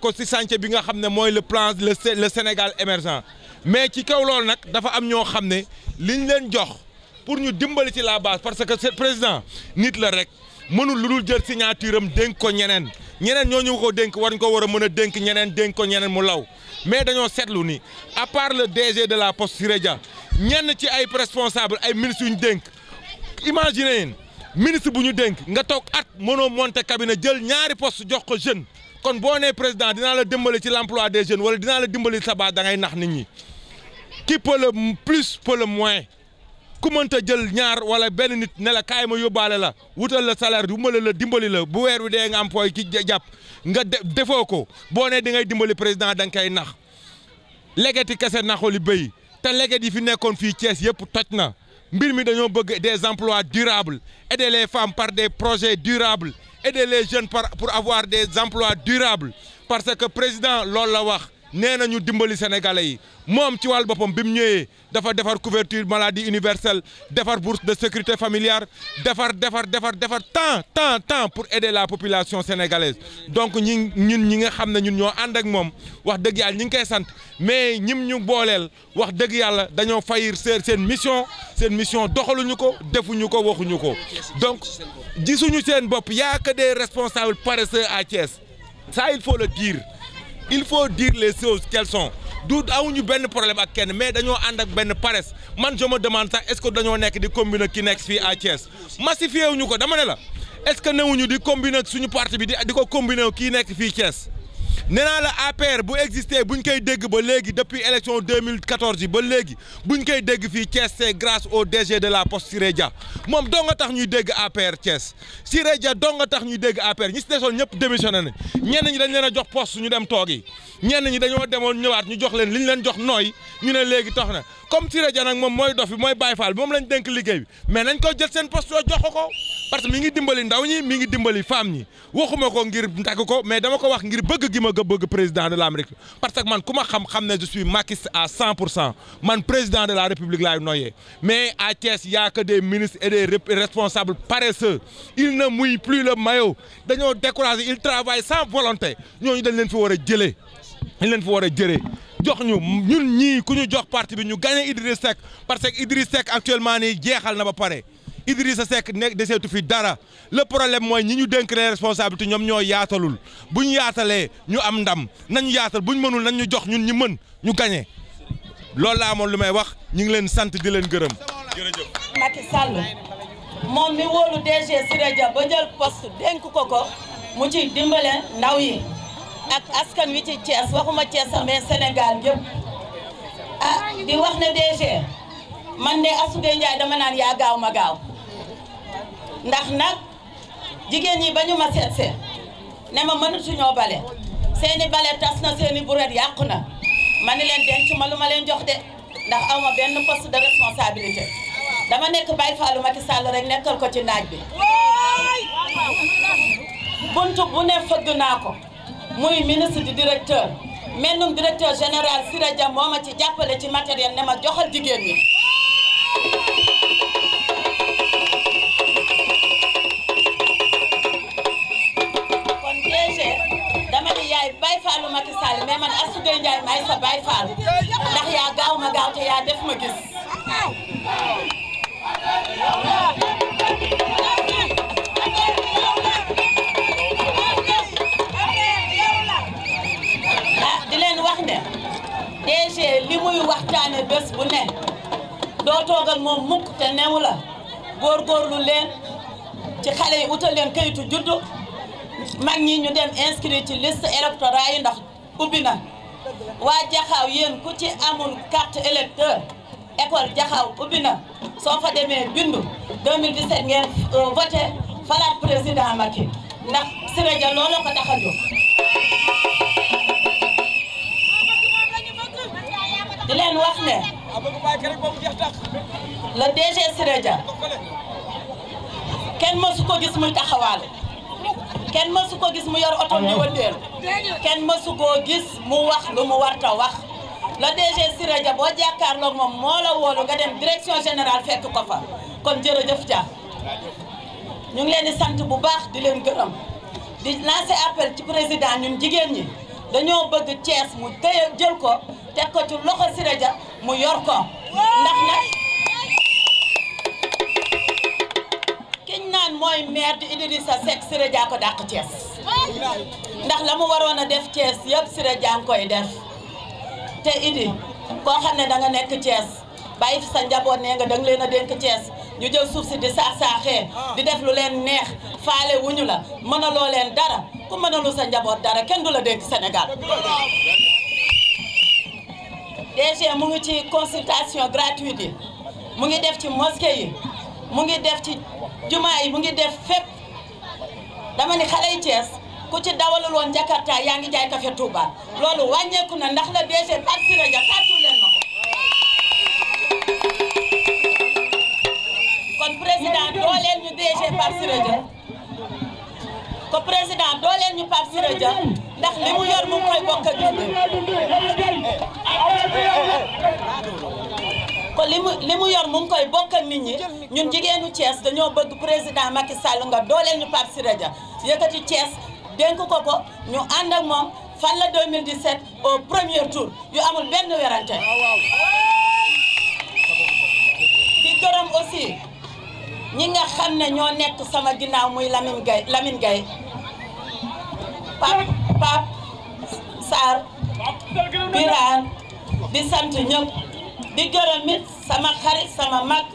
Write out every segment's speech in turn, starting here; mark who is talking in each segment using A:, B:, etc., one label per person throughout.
A: ko ci chantier bi nga xam ne mooy le plan le Sénégal émergent mais ci kaw loolu nag dafa am ñoo xam ne liñ leen jox pour ñu dimbali ci la base parce que président nit la rek mënul lu dul jël signature am dénk ko ñeneen ñeneen ñoo ñu ko dénk war ñu ko war a mën a dénk ñeneen dénk ko ñeneen mu law mais dañoo seetlu ni à part le DG de la poste Siré Dia ñenn ci ay responsable ay ministres yu dénk imaginez yéen ministre bu ñu dénk nga toog at mënoo monter cabinet jël ñaari poste jox ko jeune kon boo nee président dinaa la dimbali ci l'emploi des jeunes wala dinaa la dimbali sabaa da nax nit ñi qui peut plus peut le ku mënta jël ñaar wala benn nit nela kaay ma yóbbaale la wutal la salaire bu ma la dimbali la bu weer wi dee nga am pooy ci jàpp nga defoo ko boo nee di ngay dimbali président da nga koy nax leget yi kese naxu li béy te leget yi fi nekkoon fii Thiès yëpp toj na mbir mi dañoo bëgg des emplois durable aider les femmes par des projets durables aider les jeunes par pour avoir des emplois durables parce que président loolu la wax nee na ñu dimbali sénégalais yi moom ci wàllu boppam bi mu ñëwee dafa defar couverture maladie universelle defar bourse de sécurité familiale defar defar defar defar temps tant tant pour aider la population sénégalaise donc ñi ñun ñi nga xam ne ñun ñoo ànd ak moom wax dëgg yàlla ñi ngi koy sant mais ñim ñu booleel wax dëgg yàlla dañoo fayir seen seen mission seen mission doxaluñu ko defuñu ko waxuñu ko donc gisuñu seen bopp yaa a que des responsables à Thiès ça il faut le dire il faut dire les choses qu'elles sont du awuñu benn problème ak kenn mais dañoo ànd ak benn pares man je me demande sax est dañoo nekk di combiner ki nekk fii à Thiès massifié wuñu ko dama ne la est-ce que newuñu di combiner suñu parti bi di di ko combiner kii nekk fii Thiès nee naa la APR bu existé buñ koy dégg ba léegi depuis élection 2014 yi ba léegi buñ koy dégg fii Thiès c'est grâce au DG de la Poste Siré Dia moom doo nga tax ñuy dégg APR Thiès Siré Dia doo a tax ñuy dégg APR ñi si desoon ñëpp démissionné na ñenn ñi dañ leen a jox poste ñu dem toog yi ñenn ñi dañoo demoon ñëwaat ñu jox leen li ñu leen jox nooy ñu ne léegi tax na comme Siré Dia nag moom mooy dof bi mooy Baye Fall moom lañ dénk liggéey bi mais nañ ko jël seen poste yoo jox ko. parce que mi ngi dimbali ndaw ñi mi ngi dimbali femme ñi waxuma ko ngir ndagg ko mais dama ko wax ngir bëgg gi ma ko bëgg président de l'Amérique parce que man ku ma xam xam ne je suis Macky à 100 man président de la République laay noyyee mais à Thiès y a que des ministres et des responsables paresseux muy ne mouillent plus le maillot dañoo découragé ils travaillent sans volonté ñooñu dañ leen fi war a jëlee dañ leen fi war a jëlee jox ñu ñun ñii ku ñu jox parti bi ñu gagné Idriss Seck parce que Idriss Seck actuellement nii jeexal na ba pare. Idrissa Seck nekk deseetu fi dara le problème mooy ñi ñu dénk les responsabilités ñoom ñoo yaatalul bu ñu yaatalee ñu am ndam nañu yaatal bu ñu mënul nañ ñu jox ñun ñu mën ñu gañe loolu laa amoon lu may wax ñu ngi leen sant di leen gërëm.
B: jërëjëf Macky Sall moom mi wóolu DG Siré Dia ba jël dénk ko ko mu ciy dimbale ndaw yi ak askan wi ci Thiès waxuma Thiès mais Sénégal yëpp ah di wax ne DG man de Astou Gueye Ndiaye yaa gaaw ma gaaw. ndax nag jigéen ñi ba ñu ma seet seet ne ma mënatuñoo bale seeni bale tas na seeni bureet yàqu na ma ni leen denc ma lu ma leen jox de ndax aw ma benn poste de responsabilité dama nekk Baye Fallou Macky Sall rek nekkal ko ci naaj bi buntu bu ne fëgg naa ko muy ministre di directeur mennum directeur général Siré Dia moo ma ci jàppale ci matériel ne ma joxal jigéen ñi Fall mais man Astou Gueye Ndiaye sa Baye ndax yaa gaaw ma gaaw te yaa def ma gis. ah di leen wax ne DG li muy waxtaane bés bu ne doo toogal moom mukk te newu la góorgóorlu leen ci xale yi utal leen kayitu juddu mag ñi ñu dem inscrit ci liste électorale yi ndax ubbi na waa jaxaaw yéen ku ci amul carte électeur école jaxaaw ubbi na soo fa demee bindu 2017 ngeen euh, voté falaat président Macky ndax Siré Dia loolu ko tax a wax ne le DG Siré kenn mësu ko gis muy taxawaale kenn mësu ko gis mu yor oto ni wëndeelu kenn mësu koo gis mu wax lu mu warta wax la DG Siré Dia boo jàkkaarloog moom moo la woolu nga dem direction général fekk ko fa kon jërëjëf Dia ñu ngi leen di sant bu baax di leen gërëm di lancer appel ci président ñun jigéen ñi dañoo bëgg Thiès mu téye jël ko teg ko ci loxo Siré Dia mu yor ko ndax nag kiñ naan mooy maire di Idrissa Seck Siré Dia ko dàq Thiès ndax la mu waroon a def Thiès yëpp Siré Dia ngi koy def te Idi koo xam ne da nga nekk Thiès bàyyi fi sa njaboot nee nga da leen a dénk Thiès ñu jël suuf si di saax saaxee di def lu leen neex faale wuñu la mënaloo leen dara ku mënalu sa njaboot dara kenn du la dénk Sénégal. DG mu ngi ci consultation gratuite yi mu ngi def ci mosquée yi mu ngi def ci. jumaa yi mu ngi def fépp dama ni xale yi Thiès ku ci dawalul woon Jakarta yaa ngi jaay café Touba loolu wàññeeku na ndax la DG Pape Siré Dia ko kon président dooleel ñu DG Pape Siré ko président dooleel ñu Pape Siré ndax li mu yor mu koy bokk ak kon li mu li mu yor mu ngi koy bokk ak nit ñi ñun jigéenu cees dañoo bëgg président Macky Sall nga dooleel ñu Pape Siré Dia yëkkati Thiès dénk ko ko ñu ànd ak moom fan la 2017 au premier tour yu amul benn werante ah, di gërëm aussi ñi nga xam ne ñoo nekk sama ginnaaw muy Lamine Gaye Lamine Gaye Pape Pape Sarr di sant ñëpp di gërëm it sama xarit sama mag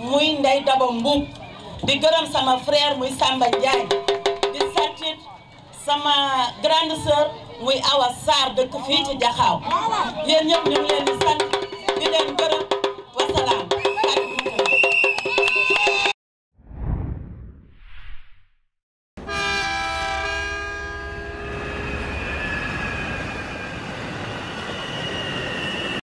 B: muy Ndey Daba Mbuub di gërëm sama frère muy Samba Ndiaye di santit sama grande sœur muy Awa Sarr dëkk fii ci Jaxaaw yéen ñëpp ñu leen di sant di leen gërëm